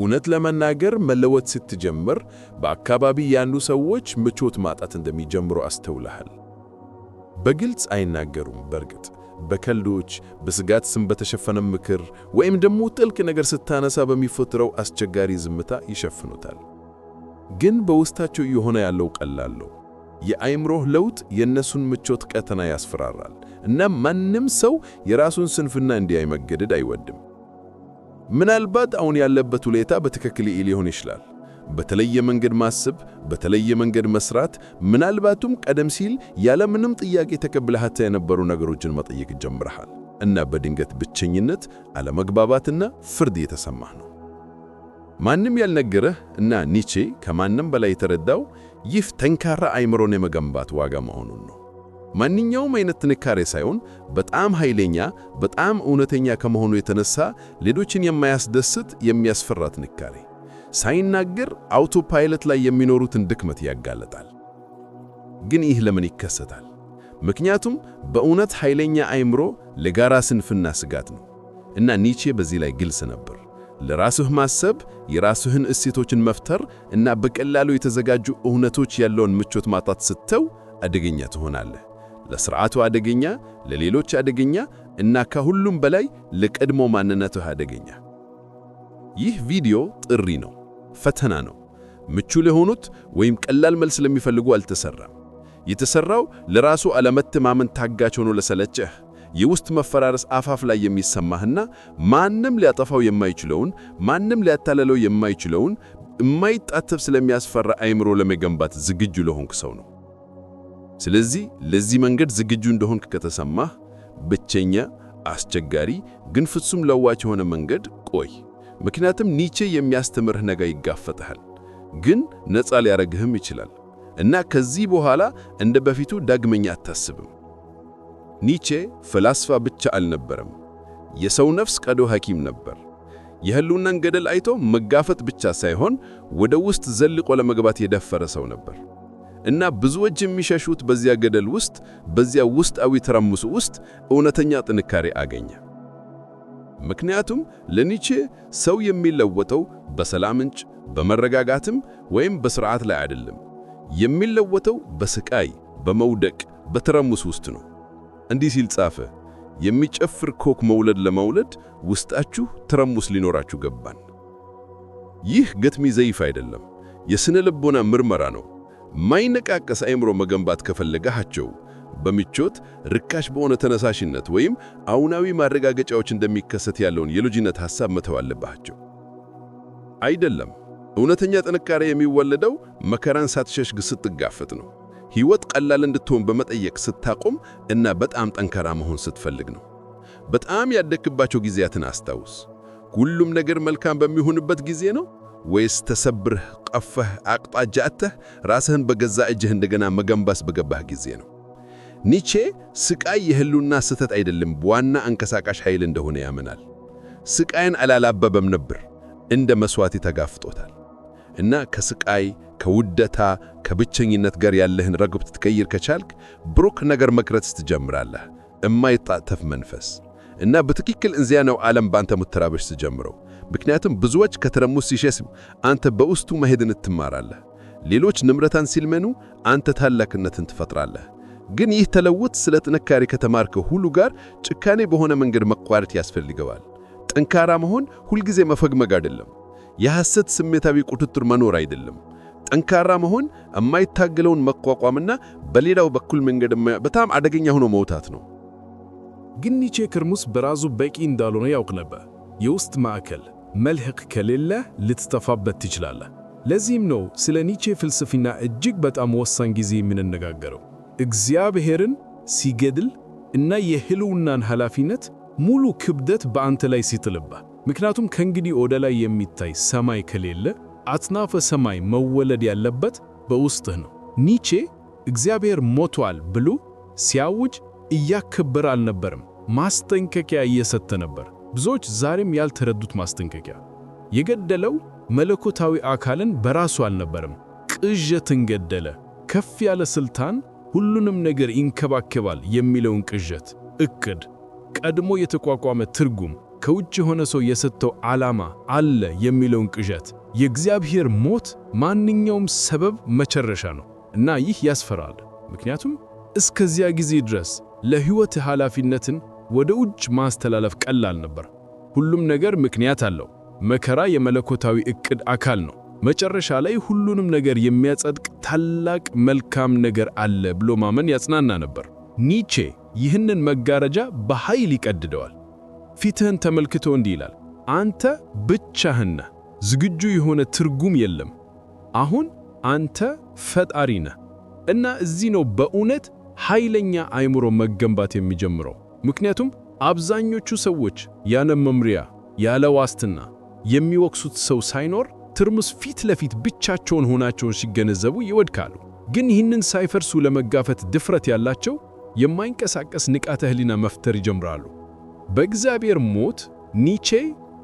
እውነት ለመናገር መለወጥ ስትጀምር በአካባቢ ያሉ ሰዎች ምቾት ማጣት እንደሚጀምሩ አስተውልሃል። በግልጽ አይናገሩም። በእርግጥ በቀልዶች በስጋት ስም በተሸፈነ ምክር ወይም ደግሞ ጥልቅ ነገር ስታነሳ በሚፈጥረው አስቸጋሪ ዝምታ ይሸፍኑታል። ግን በውስጣቸው እየሆነ ያለው ቀላለው የአእምሮህ ለውጥ የእነሱን ምቾት ቀጠና ያስፈራራል እና ማንም ሰው የራሱን ስንፍና እንዲያይ መገደድ አይወድም። ምናልባት አሁን ያለበት ሁኔታ በትክክል ሊሆን ይችላል። በተለየ መንገድ ማስብ በተለየ መንገድ መስራት፣ ምናልባቱም ቀደም ሲል ያለምንም ጥያቄ ተቀብለሃት የነበሩ ነገሮችን መጠየቅ ጀምረሃል እና በድንገት ብቸኝነት፣ አለመግባባትና ፍርድ የተሰማህ ነው። ማንም ያልነገረህ እና ኒቼ ከማንም በላይ የተረዳው ይህ ጠንካራ አእምሮን የመገንባት ዋጋ መሆኑን ነው። ማንኛውም አይነት ጥንካሬ ሳይሆን በጣም ኃይለኛ፣ በጣም እውነተኛ ከመሆኑ የተነሳ ሌሎችን የማያስደስት የሚያስፈራ ጥንካሬ፣ ሳይናገር አውቶ ፓይለት ላይ የሚኖሩትን ድክመት ያጋለጣል። ግን ይህ ለምን ይከሰታል? ምክንያቱም በእውነት ኃይለኛ አእምሮ ለጋራ ስንፍና ስጋት ነው እና ኒቼ በዚህ ላይ ግልጽ ነበር። ለራስህ ማሰብ፣ የራስህን እሴቶችን መፍተር እና በቀላሉ የተዘጋጁ እውነቶች ያለውን ምቾት ማጣት ስተው አደገኛ ትሆናለህ። ለሥርዓቱ አደገኛ፣ ለሌሎች አደገኛ እና ከሁሉም በላይ ለቀድሞ ማንነትህ አደገኛ። ይህ ቪዲዮ ጥሪ ነው፣ ፈተና ነው። ምቹ ለሆኑት ወይም ቀላል መልስ ለሚፈልጉ አልተሰራም። የተሰራው ለራሱ አለመተማመን ታጋች ሆኖ ለሰለቸህ የውስጥ መፈራረስ አፋፍ ላይ የሚሰማህና ማንም ሊያጠፋው የማይችለውን ማንም ሊያታለለው የማይችለውን የማይጣተፍ ስለሚያስፈራ አይምሮ ለመገንባት ዝግጁ ለሆንክ ሰው ነው። ስለዚህ ለዚህ መንገድ ዝግጁ እንደሆንክ ከተሰማህ ብቸኛ አስቸጋሪ ግን ፍጹም ለዋጭ የሆነ መንገድ ቆይ። ምክንያቱም ኒቼ የሚያስተምርህ ነገር ይጋፈጥሃል፣ ግን ነፃ ሊያረግህም ይችላል እና ከዚህ በኋላ እንደ በፊቱ ዳግመኛ አታስብም። ኒቼ ፈላስፋ ብቻ አልነበረም፣ የሰው ነፍስ ቀዶ ሐኪም ነበር። የህልውናን ገደል አይቶ መጋፈጥ ብቻ ሳይሆን ወደ ውስጥ ዘልቆ ለመግባት የደፈረ ሰው ነበር። እና ብዙዎች የሚሸሹት በዚያ ገደል ውስጥ በዚያ ውስጣዊ ትርምስ ውስጥ እውነተኛ ጥንካሬ አገኘ። ምክንያቱም ለኒቼ ሰው የሚለወጠው በሰላም እንጭ በመረጋጋትም ወይም በስርዓት ላይ አይደለም። የሚለወጠው በስቃይ፣ በመውደቅ፣ በትርምስ ውስጥ ነው። እንዲህ ሲል ጻፈ፣ የሚጨፍር ኮክ መውለድ ለመውለድ ውስጣችሁ ትርምስ ሊኖራችሁ ገባን። ይህ ግጥሚ ዘይፍ አይደለም፣ የስነ ልቦና ምርመራ ነው። ማይነቃቀስ አእምሮ መገንባት ከፈለጋቸው በምቾት ርካሽ በሆነ ተነሳሽነት ወይም አውናዊ ማረጋገጫዎች እንደሚከሰት ያለውን የልጅነት ሐሳብ መተው አለባቸው። አይደለም፣ እውነተኛ ጥንካሬ የሚወለደው መከራን ሳትሸሽግ ስትጋፈጥ ነው። ሕይወት ቀላል እንድትሆን በመጠየቅ ስታቆም እና በጣም ጠንካራ መሆን ስትፈልግ ነው። በጣም ያደክባቸው ጊዜያትን አስታውስ። ሁሉም ነገር መልካም በሚሆንበት ጊዜ ነው ወይስ ተሰብርህ ቀፈህ አቅጣጫ አጥተህ ራስህን በገዛ እጅህ እንደገና መገንባስ በገባህ ጊዜ ነው። ኒቼ ስቃይ የህልውና ስህተት አይደለም፣ ዋና አንቀሳቃሽ ኃይል እንደሆነ ያምናል። ስቃይን አላላበበም ነበር፣ እንደ መሥዋዕት ተጋፍጦታል። እና ከስቃይ ከውደታ ከብቸኝነት ጋር ያለህን ረግብ ትትቀይር ከቻልክ ብሩክ ነገር መክረት ትጀምራለህ። እማይታተፍ መንፈስ እና በትክክል እዚያ ነው ዓለም ባንተ ምትራበሽ ትጀምረው ምክንያቱም ብዙዎች ከተረሙ ሲሸስም አንተ በውስጡ መሄድን ትማራለህ። ሌሎች ንምረታን ሲልመኑ አንተ ታላቅነትን ትፈጥራለህ። ግን ይህ ተለውጥ ስለ ጥንካሬ ከተማርከ ሁሉ ጋር ጭካኔ በሆነ መንገድ መቋረጥ ያስፈልገዋል። ጠንካራ መሆን ሁልጊዜ መፈግመግ አይደለም። የሐሰት ስሜታዊ ቁጥጥር መኖር አይደለም። ጠንካራ መሆን የማይታገለውን መቋቋምና በሌላው በኩል መንገድ በጣም አደገኛ ሆኖ መውታት ነው። ግን ኒቼ ከርሙስ በራሱ በቂ እንዳልሆነ ያውቅ ነበር። የውስጥ ማዕከል መልህቅ ከሌለህ ልትጠፋበት ትችላለህ። ለዚህም ነው ስለ ኒቼ ፍልስፍና እጅግ በጣም ወሳኝ ጊዜ የምንነጋገረው። እግዚአብሔርን ሲገድል እና የህልውናን ኃላፊነት ሙሉ ክብደት በአንተ ላይ ሲጥልብህ፣ ምክንያቱም ከእንግዲህ ወደ ላይ የሚታይ ሰማይ ከሌለ አጽናፈ ሰማይ መወለድ ያለበት በውስጥህ ነው። ኒቼ እግዚአብሔር ሞቷል ብሎ ሲያውጅ እያከበረ አልነበርም፣ ማስጠንቀቂያ እየሰጠ ነበር። ብዙዎች ዛሬም ያልተረዱት ማስጠንቀቂያ የገደለው መለኮታዊ አካልን በራሱ አልነበረም፣ ቅዠትን ገደለ። ከፍ ያለ ስልጣን ሁሉንም ነገር ይንከባከባል የሚለውን ቅዠት፣ እቅድ፣ ቀድሞ የተቋቋመ ትርጉም፣ ከውጭ የሆነ ሰው የሰጠው ዓላማ አለ የሚለውን ቅዠት። የእግዚአብሔር ሞት ማንኛውም ሰበብ መጨረሻ ነው እና ይህ ያስፈራል። ምክንያቱም እስከዚያ ጊዜ ድረስ ለሕይወት ኃላፊነትን ወደ ውጭ ማስተላለፍ ቀላል ነበር። ሁሉም ነገር ምክንያት አለው። መከራ የመለኮታዊ እቅድ አካል ነው። መጨረሻ ላይ ሁሉንም ነገር የሚያጸድቅ ታላቅ መልካም ነገር አለ ብሎ ማመን ያጽናና ነበር። ኒቼ ይህንን መጋረጃ በኃይል ይቀድደዋል። ፊትህን ተመልክቶ እንዲህ ይላል፣ አንተ ብቻህን ነህ፣ ዝግጁ የሆነ ትርጉም የለም። አሁን አንተ ፈጣሪ ነህ እና እዚህ ነው በእውነት ኃይለኛ አእምሮ መገንባት የሚጀምረው። ምክንያቱም አብዛኞቹ ሰዎች ያለ መምሪያ ያለ ዋስትና የሚወቅሱት ሰው ሳይኖር ትርምስ ፊት ለፊት ብቻቸውን ሆናቸውን ሲገነዘቡ ይወድቃሉ። ግን ይህንን ሳይፈርሱ ለመጋፈት ድፍረት ያላቸው የማይንቀሳቀስ ንቃተ ህሊና መፍጠር ይጀምራሉ። በእግዚአብሔር ሞት ኒቼ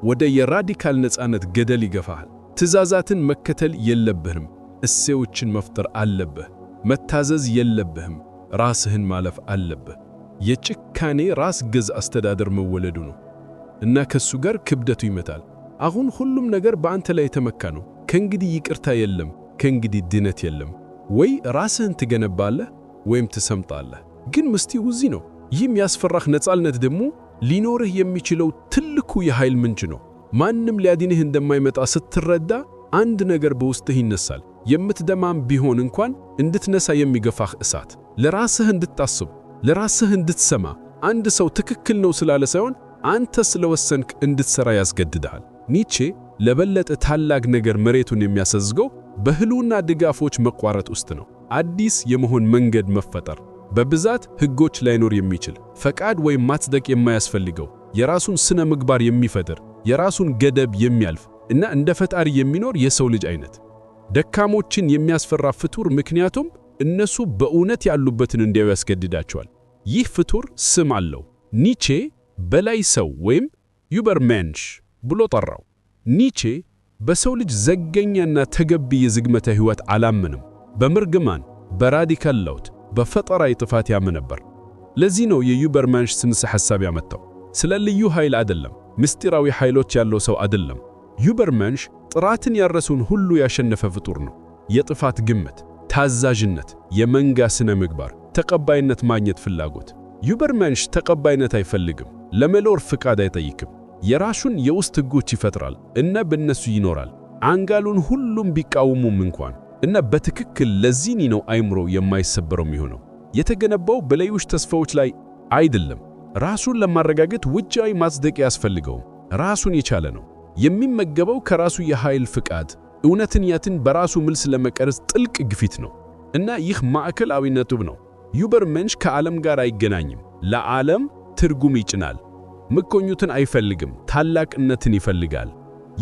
ወደ የራዲካል ነፃነት ገደል ይገፋሃል። ትእዛዛትን መከተል የለብህም፣ እሴዎችን መፍጠር አለብህ። መታዘዝ የለብህም፣ ራስህን ማለፍ አለብህ። የጭካኔ ራስ ገዝ አስተዳደር መወለዱ ነው እና ከሱ ጋር ክብደቱ ይመጣል። አሁን ሁሉም ነገር በአንተ ላይ የተመካ ነው። ከእንግዲህ ይቅርታ የለም፣ ከእንግዲህ ድነት የለም። ወይ ራስህን ትገነባለህ ወይም ትሰምጣለህ። ግን ምስጢሩ እዚህ ነው። ይህ ያስፈራህ ነፃነት ደግሞ ሊኖርህ የሚችለው ትልቁ የኃይል ምንጭ ነው። ማንም ሊያድንህ እንደማይመጣ ስትረዳ አንድ ነገር በውስጥህ ይነሳል። የምትደማም ቢሆን እንኳን እንድትነሳ የሚገፋህ እሳት፣ ለራስህ እንድታስብ ለራስህ እንድትሰማ አንድ ሰው ትክክል ነው ስላለ ሳይሆን አንተ ስለወሰንክ እንድትሰራ ያስገድድሃል። ኒቼ ለበለጠ ታላቅ ነገር መሬቱን የሚያሰዝገው በህልውና ድጋፎች መቋረጥ ውስጥ ነው። አዲስ የመሆን መንገድ መፈጠር፣ በብዛት ህጎች ላይኖር የሚችል ፈቃድ ወይም ማጽደቅ የማያስፈልገው የራሱን ስነ ምግባር የሚፈጥር የራሱን ገደብ የሚያልፍ እና እንደ ፈጣሪ የሚኖር የሰው ልጅ አይነት ደካሞችን የሚያስፈራ ፍጡር፣ ምክንያቱም እነሱ በእውነት ያሉበትን እንዲያዩ ያስገድዳቸዋል። ይህ ፍጡር ስም አለው። ኒቼ በላይ ሰው ወይም ዩበርሜንሽ ብሎ ጠራው። ኒቼ በሰው ልጅ ዘገኛና ተገቢ የዝግመተ ሕይወት አላምንም፣ በምርግማን በራዲካል ለውጥ፣ በፈጠራ ጥፋት ያምን ነበር። ለዚህ ነው የዩበርማንሽ ስንሰ ሐሳብ ያመጣው። ስለ ልዩ ኃይል አይደለም፣ ምስጢራዊ ኃይሎች ያለው ሰው አይደለም። ዩበርማንሽ ጥራትን ያረሱን ሁሉ ያሸነፈ ፍጡር ነው። የጥፋት ግምት፣ ታዛዥነት፣ የመንጋ ስነ ምግባር ተቀባይነት ማግኘት ፍላጎት። ዩበርመንሽ ተቀባይነት አይፈልግም፣ ለመኖር ፍቃድ አይጠይቅም። የራሱን የውስጥ ህጎች ይፈጥራል እና በእነሱ ይኖራል። አንጋሉን ሁሉም ቢቃወሙም እንኳን እና በትክክል ለዚህ ነው አይምሮ የማይሰበረው የሚሆነው። የተገነባው በሌሎች ተስፋዎች ላይ አይደለም። ራሱን ለማረጋገጥ ውጫዊ ማጽደቂያ ያስፈልገውም። ራሱን የቻለ ነው። የሚመገበው ከራሱ የኃይል ፍቃድ፣ ያትን በራሱ ምልስ ለመቀረጽ ጥልቅ ግፊት ነው እና ይህ ማዕከላዊ ነጥብ ነው። ዩበርመንሽ ከዓለም ጋር አይገናኝም። ለዓለም ትርጉም ይጭናል። ምኮኙትን አይፈልግም፣ ታላቅነትን ይፈልጋል።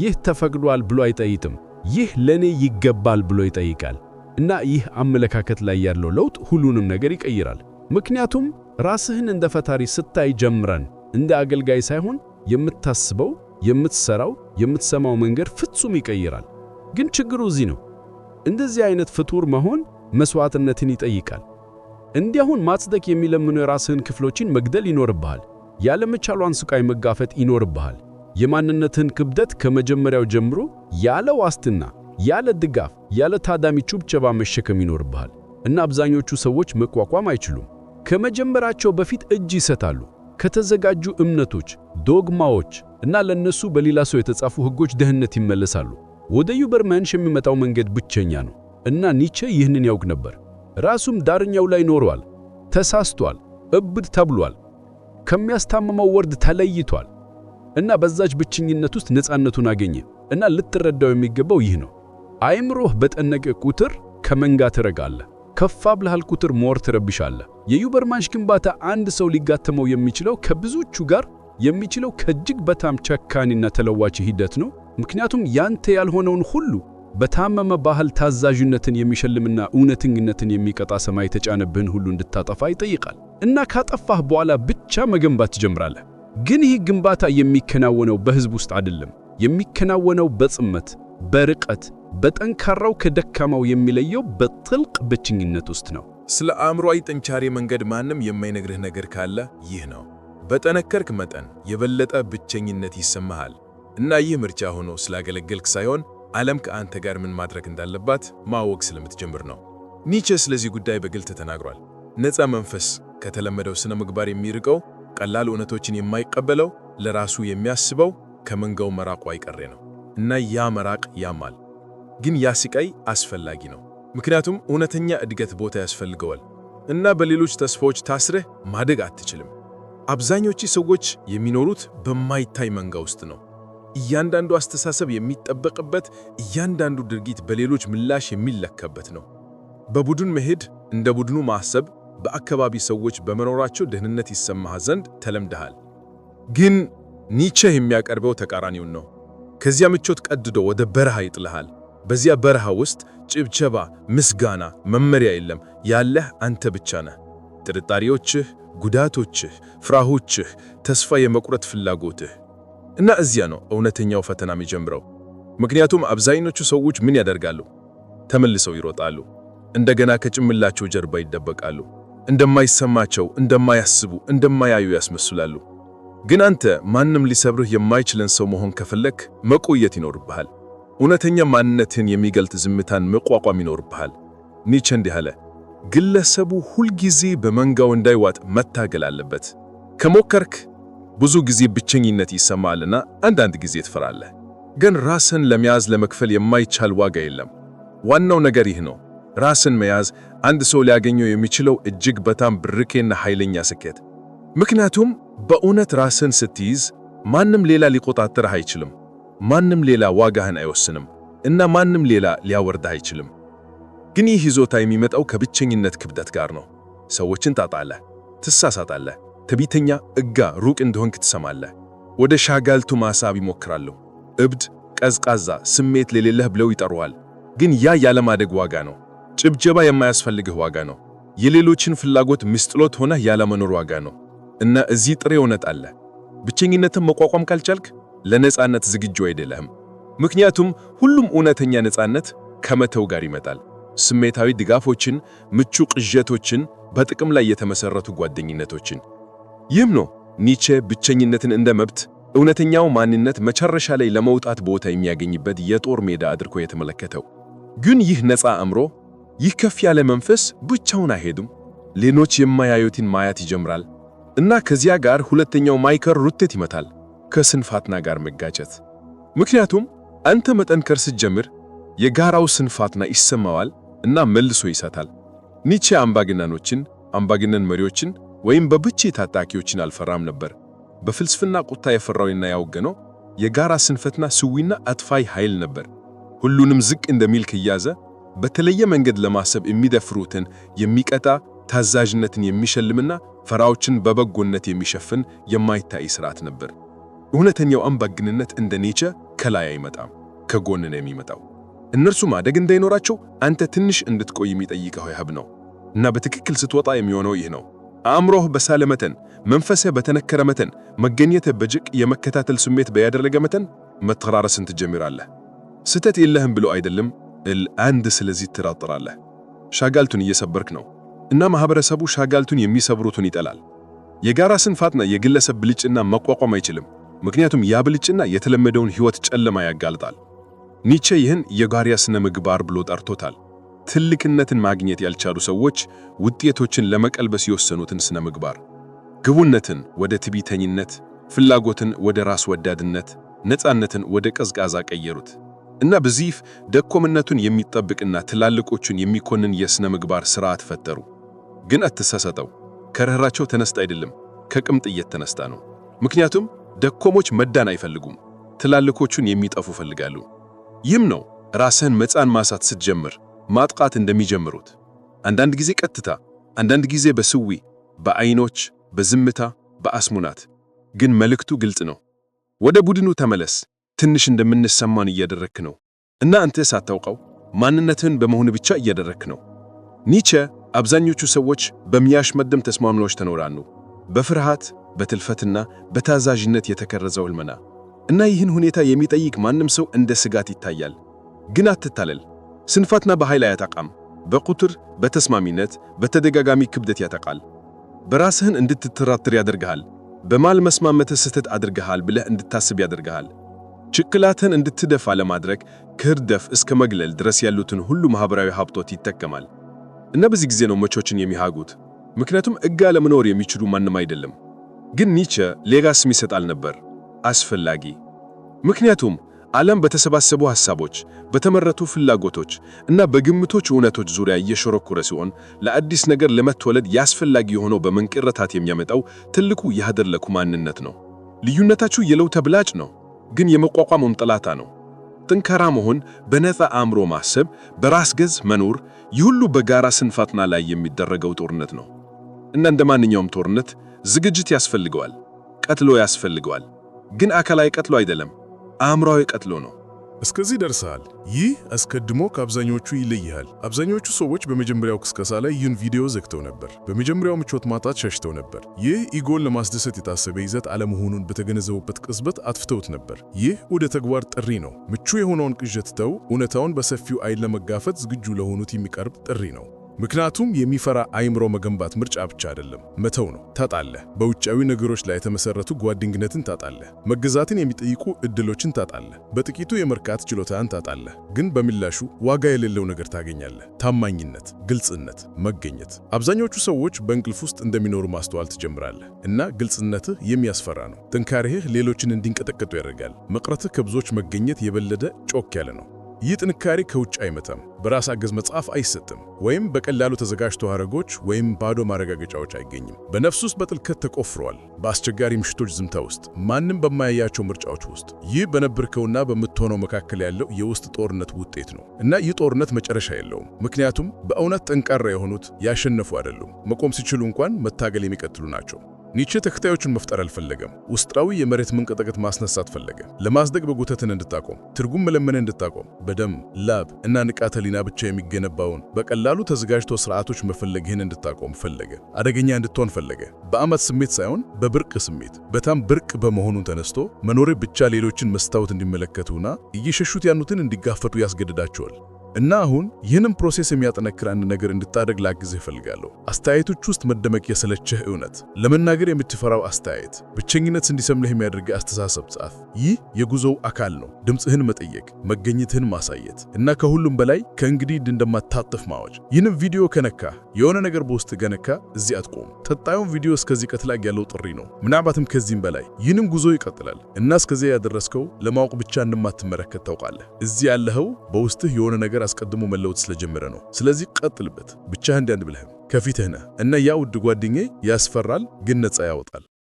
ይህ ተፈቅዷል ብሎ አይጠይቅም፣ ይህ ለኔ ይገባል ብሎ ይጠይቃል። እና ይህ አመለካከት ላይ ያለው ለውጥ ሁሉንም ነገር ይቀይራል። ምክንያቱም ራስህን እንደ ፈታሪ ስታይ ጀምረን እንደ አገልጋይ ሳይሆን የምታስበው፣ የምትሰራው፣ የምትሰማው መንገድ ፍጹም ይቀይራል። ግን ችግሩ እዚህ ነው። እንደዚህ አይነት ፍጡር መሆን መስዋዕትነትን ይጠይቃል። እንዲያሁን ማጽደቅ የሚለምኑ የራስህን ክፍሎችን መግደል ይኖርብሃል። ያለመቻሏን ስቃይ መጋፈጥ ይኖርብሃል። የማንነትህን ክብደት ከመጀመሪያው ጀምሮ ያለ ዋስትና፣ ያለ ድጋፍ፣ ያለ ታዳሚ ጭብጨባ መሸከም ይኖርብሃል እና አብዛኞቹ ሰዎች መቋቋም አይችሉም። ከመጀመራቸው በፊት እጅ ይሰታሉ። ከተዘጋጁ እምነቶች፣ ዶግማዎች እና ለነሱ በሌላ ሰው የተጻፉ ሕጎች ደህንነት ይመለሳሉ። ወደ ዩበርመንሽ የሚመጣው መንገድ ብቸኛ ነው እና ኒቼ ይህንን ያውቅ ነበር። ራሱም ዳርኛው ላይ ኖሯል። ተሳስቷል፣ እብድ ተብሏል፣ ከሚያስታምመው ወርድ ተለይቷል እና በዛች ብቸኝነት ውስጥ ነፃነቱን አገኘ። እና ልትረዳው የሚገባው ይህ ነው። አይምሮህ በጠነቀ ቁጥር ከመንጋ ትረጋለህ። ከፍ ብለሃል ቁጥር ሞር ትረብሻለህ። የዩበርማንሽ ግንባታ አንድ ሰው ሊጋተመው የሚችለው ከብዙዎቹ ጋር የሚችለው ከእጅግ በጣም ጨካኝና ተለዋጭ ሂደት ነው። ምክንያቱም ያንተ ያልሆነውን ሁሉ በታመመ ባህል ታዛዥነትን የሚሸልምና እውነተኝነትን የሚቀጣ ሰማይ የተጫነብህን ሁሉ እንድታጠፋ ይጠይቃል እና ካጠፋህ በኋላ ብቻ መገንባት ትጀምራለህ። ግን ይህ ግንባታ የሚከናወነው በሕዝብ ውስጥ አይደለም። የሚከናወነው በጽመት፣ በርቀት፣ በጠንካራው ከደካማው የሚለየው በጥልቅ ብቸኝነት ውስጥ ነው። ስለ አእምሮአዊ ጥንካሬ መንገድ ማንም የማይነግርህ ነገር ካለ ይህ ነው። በጠነከርክ መጠን የበለጠ ብቸኝነት ይሰማሃል እና ይህ ምርጫ ሆኖ ስላገለገልክ ሳይሆን ዓለም ከአንተ ጋር ምን ማድረግ እንዳለባት ማወቅ ስለምትጀምር ነው። ኒቼ ስለዚህ ጉዳይ በግልጽ ተናግሯል። ነፃ መንፈስ ከተለመደው ስነ ምግባር የሚርቀው፣ ቀላል እውነቶችን የማይቀበለው፣ ለራሱ የሚያስበው ከመንጋው መራቁ አይቀሬ ነው እና ያ መራቅ ያማል። ግን ያ ስቃይ አስፈላጊ ነው፣ ምክንያቱም እውነተኛ እድገት ቦታ ያስፈልገዋል እና በሌሎች ተስፋዎች ታስረህ ማደግ አትችልም። አብዛኞቹ ሰዎች የሚኖሩት በማይታይ መንጋ ውስጥ ነው። እያንዳንዱ አስተሳሰብ የሚጠበቅበት፣ እያንዳንዱ ድርጊት በሌሎች ምላሽ የሚለካበት ነው። በቡድን መሄድ፣ እንደ ቡድኑ ማሰብ፣ በአካባቢ ሰዎች በመኖራቸው ደህንነት ይሰማህ ዘንድ ተለምደሃል። ግን ኒቼ የሚያቀርበው ተቃራኒውን ነው። ከዚያ ምቾት ቀድዶ ወደ በረሃ ይጥልሃል። በዚያ በረሃ ውስጥ ጭብጨባ፣ ምስጋና፣ መመሪያ የለም። ያለህ አንተ ብቻ ነህ። ጥርጣሬዎችህ፣ ጉዳቶችህ፣ ፍራሆችህ ተስፋ የመቁረጥ ፍላጎትህ እና እዚያ ነው እውነተኛው ፈተና የሚጀምረው። ምክንያቱም አብዛኞቹ ሰዎች ምን ያደርጋሉ? ተመልሰው ይሮጣሉ። እንደገና ከጭምላቸው ጀርባ ይደበቃሉ። እንደማይሰማቸው፣ እንደማያስቡ፣ እንደማያዩ ያስመስላሉ። ግን አንተ ማንም ሊሰብርህ የማይችለን ሰው መሆን ከፈለክ መቆየት ይኖርብሃል። እውነተኛ ማንነትን የሚገልጥ ዝምታን መቋቋም ይኖርብሃል። ኒቼ እንዲህ አለ፣ ግለሰቡ ሁልጊዜ በመንጋው እንዳይዋጥ መታገል አለበት። ከሞከርክ ብዙ ጊዜ ብቸኝነት ይሰማልና አንዳንድ ጊዜ ትፈራለህ። ግን ራስን ለመያዝ ለመክፈል የማይቻል ዋጋ የለም። ዋናው ነገር ይህ ነው። ራስን መያዝ አንድ ሰው ሊያገኘው የሚችለው እጅግ በጣም ብርኬና ኃይለኛ ስኬት። ምክንያቱም በእውነት ራስን ስትይዝ ማንም ሌላ ሊቆጣጠርህ አይችልም፣ ማንም ሌላ ዋጋህን አይወስንም እና ማንም ሌላ ሊያወርድህ አይችልም። ግን ይህ ይዞታ የሚመጣው ከብቸኝነት ክብደት ጋር ነው። ሰዎችን ታጣለህ፣ ትሳሳታለህ ትዕቢተኛ እጋ ሩቅ እንደሆንክ ትሰማለህ። ወደ ሻጋልቱ ማሳብ ይሞክራለሁ። እብድ፣ ቀዝቃዛ፣ ስሜት ለሌለህ ብለው ይጠሩሃል። ግን ያ ያለማደግ ዋጋ ነው። ጭብጀባ የማያስፈልግህ ዋጋ ነው። የሌሎችን ፍላጎት ምስጥሎት ሆነህ ያለመኖር ዋጋ ነው። እና እዚህ ጥሬ እውነት አለ። ብቸኝነትን መቋቋም ካልቻልክ ለነፃነት ዝግጁ አይደለህም። ምክንያቱም ሁሉም እውነተኛ ነፃነት ከመተው ጋር ይመጣል። ስሜታዊ ድጋፎችን፣ ምቹ ቅዠቶችን፣ በጥቅም ላይ የተመሰረቱ ጓደኝነቶችን ይህም ነው ኒቼ ብቸኝነትን እንደ መብት እውነተኛው ማንነት መጨረሻ ላይ ለመውጣት ቦታ የሚያገኝበት የጦር ሜዳ አድርጎ የተመለከተው። ግን ይህ ነፃ አእምሮ፣ ይህ ከፍ ያለ መንፈስ ብቻውን አይሄዱም። ሌሎች የማያዩትን ማየት ይጀምራል እና ከዚያ ጋር ሁለተኛው ማይከር ሩቴት ይመታል፣ ከስንፋትና ጋር መጋጨት። ምክንያቱም አንተ መጠንከር ስትጀምር የጋራው ስንፋትና ይሰማዋል እና መልሶ ይሰታል። ኒቼ አምባገነኖችን አምባገነን መሪዎችን ወይም በብቼ ታጣቂዎችን አልፈራም ነበር። በፍልስፍና ቁጣ የፈራውና ያወገነው የጋራ ስንፈትና ስዊና አጥፋይ ኃይል ነበር። ሁሉንም ዝቅ እንደሚል ከያዘ በተለየ መንገድ ለማሰብ የሚደፍሩትን የሚቀጣ ታዛዥነትን የሚሸልምና ፈራዎችን በበጎነት የሚሸፍን የማይታይ ስርዓት ነበር። እውነተኛው አምባገነንነት እንደ ኔቸ ከላይ አይመጣም፣ ከጎን ነው የሚመጣው። እነርሱ ማደግ እንዳይኖራቸው አንተ ትንሽ እንድትቆይ የሚጠይቀው ያህብ ነው እና በትክክል ስትወጣ የሚሆነው ይህ ነው። አእምሮህ በሳለ መተን መንፈስህ በተነከረ መተን መገኘትህ በጅቅ የመከታተል ስሜት በያደረገ መተን መተራረስን ትጀምራለህ። ስህተት የለህም ብሎ አይደለም እል አንድ ስለዚህ ትጠራጠራለህ። ሻጋልቱን እየሰበርክ ነው እና ማህበረሰቡ ሻጋልቱን የሚሰብሩትን ይጠላል። የጋራ ስንፋትና የግለሰብ ብልጭና መቋቋም አይችልም። ምክንያቱም ያ ብልጭና የተለመደውን ህይወት ጨለማ ያጋልጣል። ኒቼ ይህን የጋሪያ ስነ ምግባር ብሎ ጠርቶታል። ትልቅነትን ማግኘት ያልቻሉ ሰዎች ውጤቶችን ለመቀልበስ የወሰኑትን ስነ ምግባር ግቡነትን ወደ ትቢተኝነት ፍላጎትን ወደ ራስ ወዳድነት፣ ነፃነትን ወደ ቀዝቃዛ ቀየሩት እና በዚህ ደኮምነቱን የሚጠብቅና ትላልቆቹን የሚኮንን የሥነ ምግባር ሥርዓት ፈጠሩ። ግን አትሳሳተው፣ ከርኅራቸው ተነስታ አይደለም፣ ከቅምጥየት ተነስታ ነው። ምክንያቱም ደኮሞች መዳን አይፈልጉም፣ ትላልቆቹን የሚጠፉ ይፈልጋሉ። ይህም ነው ራስህን መፃን ማሳት ስትጀምር ማጥቃት እንደሚጀምሩት፣ አንዳንድ ጊዜ ቀጥታ፣ አንዳንድ ጊዜ በስዊ በአይኖች፣ በዝምታ፣ በአስሙናት። ግን መልእክቱ ግልጽ ነው። ወደ ቡድኑ ተመለስ፣ ትንሽ እንደምንሰማን እያደረክ ነው እና አንተ ሳታውቀው ማንነትህን በመሆን ብቻ እያደረክ ነው። ኒቼ አብዛኞቹ ሰዎች በሚያሽመድም ተስማሚዎች ተኖራሉ፣ በፍርሃት በትልፈትና በታዛዥነት የተከረዘው ልመና እና ይህን ሁኔታ የሚጠይቅ ማንም ሰው እንደ ስጋት ይታያል። ግን አትታለል። ስንፋትና በኃይል አያጠቃም። በቁጥር በተስማሚነት በተደጋጋሚ ክብደት ያጠቃል። በራስህን እንድትተራትር ያደርግሃል። በማል መስማመተ ስህተት አድርገሃል ብለህ እንድታስብ ያደርግሃል። ጭንቅላትህን እንድትደፋ ለማድረግ ከህርደፍ እስከ መግለል ድረስ ያሉትን ሁሉ ማኅበራዊ ሀብቶት ይጠቀማል እና በዚህ ጊዜ ነው መቾችን የሚሃጉት። ምክንያቱም እጋ ለመኖር የሚችሉ ማንም አይደለም። ግን ኒቸ ሌጋስም ይሰጣል ነበር አስፈላጊ ምክንያቱም ዓለም በተሰባሰቡ ሐሳቦች፣ በተመረቱ ፍላጎቶች እና በግምቶች እውነቶች ዙሪያ እየሸረኮረ ሲሆን ለአዲስ ነገር ለመትወለድ ያስፈላጊ የሆነው በመንቅረታት የሚያመጣው ትልቁ ያደለኩ ማንነት ነው። ልዩነታችሁ የለው ተብላጭ ነው፣ ግን የመቋቋሙም ጠላታ ነው። ጠንካራ መሆን፣ በነፃ አእምሮ ማሰብ፣ በራስ ገዝ መኖር፣ ይህ ሁሉ በጋራ ስንፍና ላይ የሚደረገው ጦርነት ነው እና እንደ ማንኛውም ጦርነት ዝግጅት ያስፈልገዋል፣ ቀጥሎ ያስፈልገዋል፣ ግን አካላዊ ቀጥሎ አይደለም። አእምሯዊ ቀጥሎ ነው። እስከዚህ ደርሰሃል። ይህ አስቀድሞ ከአብዛኞቹ ይለይሃል። አብዛኞቹ ሰዎች በመጀመሪያው ቅስቀሳ ላይ ይህን ቪዲዮ ዘግተው ነበር። በመጀመሪያው ምቾት ማጣት ሸሽተው ነበር። ይህ ኢጎን ለማስደሰት የታሰበ ይዘት አለመሆኑን በተገነዘቡበት ቅጽበት አጥፍተውት ነበር። ይህ ወደ ተግባር ጥሪ ነው። ምቹ የሆነውን ቅዠት ተው፣ እውነታውን በሰፊው አይን ለመጋፈጥ ዝግጁ ለሆኑት የሚቀርብ ጥሪ ነው። ምክንያቱም የሚፈራ አይምሮ መገንባት ምርጫ ብቻ አይደለም፣ መተው ነው። ታጣለህ። በውጫዊ ነገሮች ላይ የተመሰረቱ ጓደኝነትን ታጣለህ። መገዛትን የሚጠይቁ እድሎችን ታጣለህ። በጥቂቱ የመርካት ችሎታን ታጣለህ። ግን በምላሹ ዋጋ የሌለው ነገር ታገኛለህ። ታማኝነት፣ ግልጽነት፣ መገኘት። አብዛኞቹ ሰዎች በእንቅልፍ ውስጥ እንደሚኖሩ ማስተዋል ትጀምራለህ እና ግልጽነትህ የሚያስፈራ ነው። ጥንካሬህ ሌሎችን እንዲንቀጠቀጡ ያደርጋል። መቅረትህ ከብዙዎች መገኘት የበለጠ ጮክ ያለ ነው። ይህ ጥንካሬ ከውጭ አይመጣም፣ በራስ አገዝ መጽሐፍ አይሰጥም፣ ወይም በቀላሉ ተዘጋጅቶ ሐረጎች ወይም ባዶ ማረጋገጫዎች አይገኝም። በነፍስ ውስጥ በጥልቀት ተቆፍሯል፣ በአስቸጋሪ ምሽቶች ዝምታ ውስጥ፣ ማንም በማያያቸው ምርጫዎች ውስጥ። ይህ በነበርከውና በምትሆነው መካከል ያለው የውስጥ ጦርነት ውጤት ነው እና ይህ ጦርነት መጨረሻ የለውም፣ ምክንያቱም በእውነት ጠንካራ የሆኑት ያሸነፉ አይደሉም። መቆም ሲችሉ እንኳን መታገል የሚቀጥሉ ናቸው። ኒቼ ተከታዮቹን መፍጠር አልፈለገም። ውስጣዊ የመሬት መንቀጥቀጥ ማስነሳት ፈለገ። ለማጽደቅ በጉተትን እንድታቆም፣ ትርጉም መለመን እንድታቆም፣ በደም ላብ እና ንቃተ ህሊና ብቻ የሚገነባውን በቀላሉ ተዘጋጅቶ ስርዓቶች መፈለግህን እንድታቆም ፈለገ። አደገኛ እንድትሆን ፈለገ። በአመት ስሜት ሳይሆን በብርቅ ስሜት በጣም ብርቅ በመሆኑ ተነስቶ መኖሬ ብቻ ሌሎችን መስታወት እንዲመለከቱና እየሸሹት ያኑትን እንዲጋፈጡ ያስገድዳቸዋል። እና አሁን ይህንም ፕሮሴስ የሚያጠነክር አንድ ነገር እንድታደርግ ላግዝህ እፈልጋለሁ። አስተያየቶች ውስጥ መደመቅ የሰለችህ እውነት፣ ለመናገር የምትፈራው አስተያየት፣ ብቸኝነት እንዲሰምልህ የሚያደርግህ አስተሳሰብ ጻፍ። ይህ የጉዞው አካል ነው። ድምፅህን መጠየቅ፣ መገኘትህን ማሳየት እና ከሁሉም በላይ ከእንግዲህ እንደማታጠፍ ማወጅ። ይህንም ቪዲዮ ከነካ የሆነ ነገር በውስጥ ገነካ፣ እዚህ አትቆም። ተጣዩን ቪዲዮ እስከዚህ ቀጥላ ያለው ጥሪ ነው፣ ምናልባትም ከዚህም በላይ። ይህንም ጉዞ ይቀጥላል እና እስከዚያ ያደረስከው ለማወቅ ብቻ እንደማትመለከት ታውቃለህ። እዚህ ያለኸው በውስጥህ የሆነ ነገር ነገር አስቀድሞ መለወጥ ስለጀመረ ነው። ስለዚህ ቀጥልበት፣ ብቻህን አንድ ብለህም ከፊትህ ነህ እና ያ ውድ ጓደኛዬ ያስፈራል፣ ግን ነፃ ያወጣል።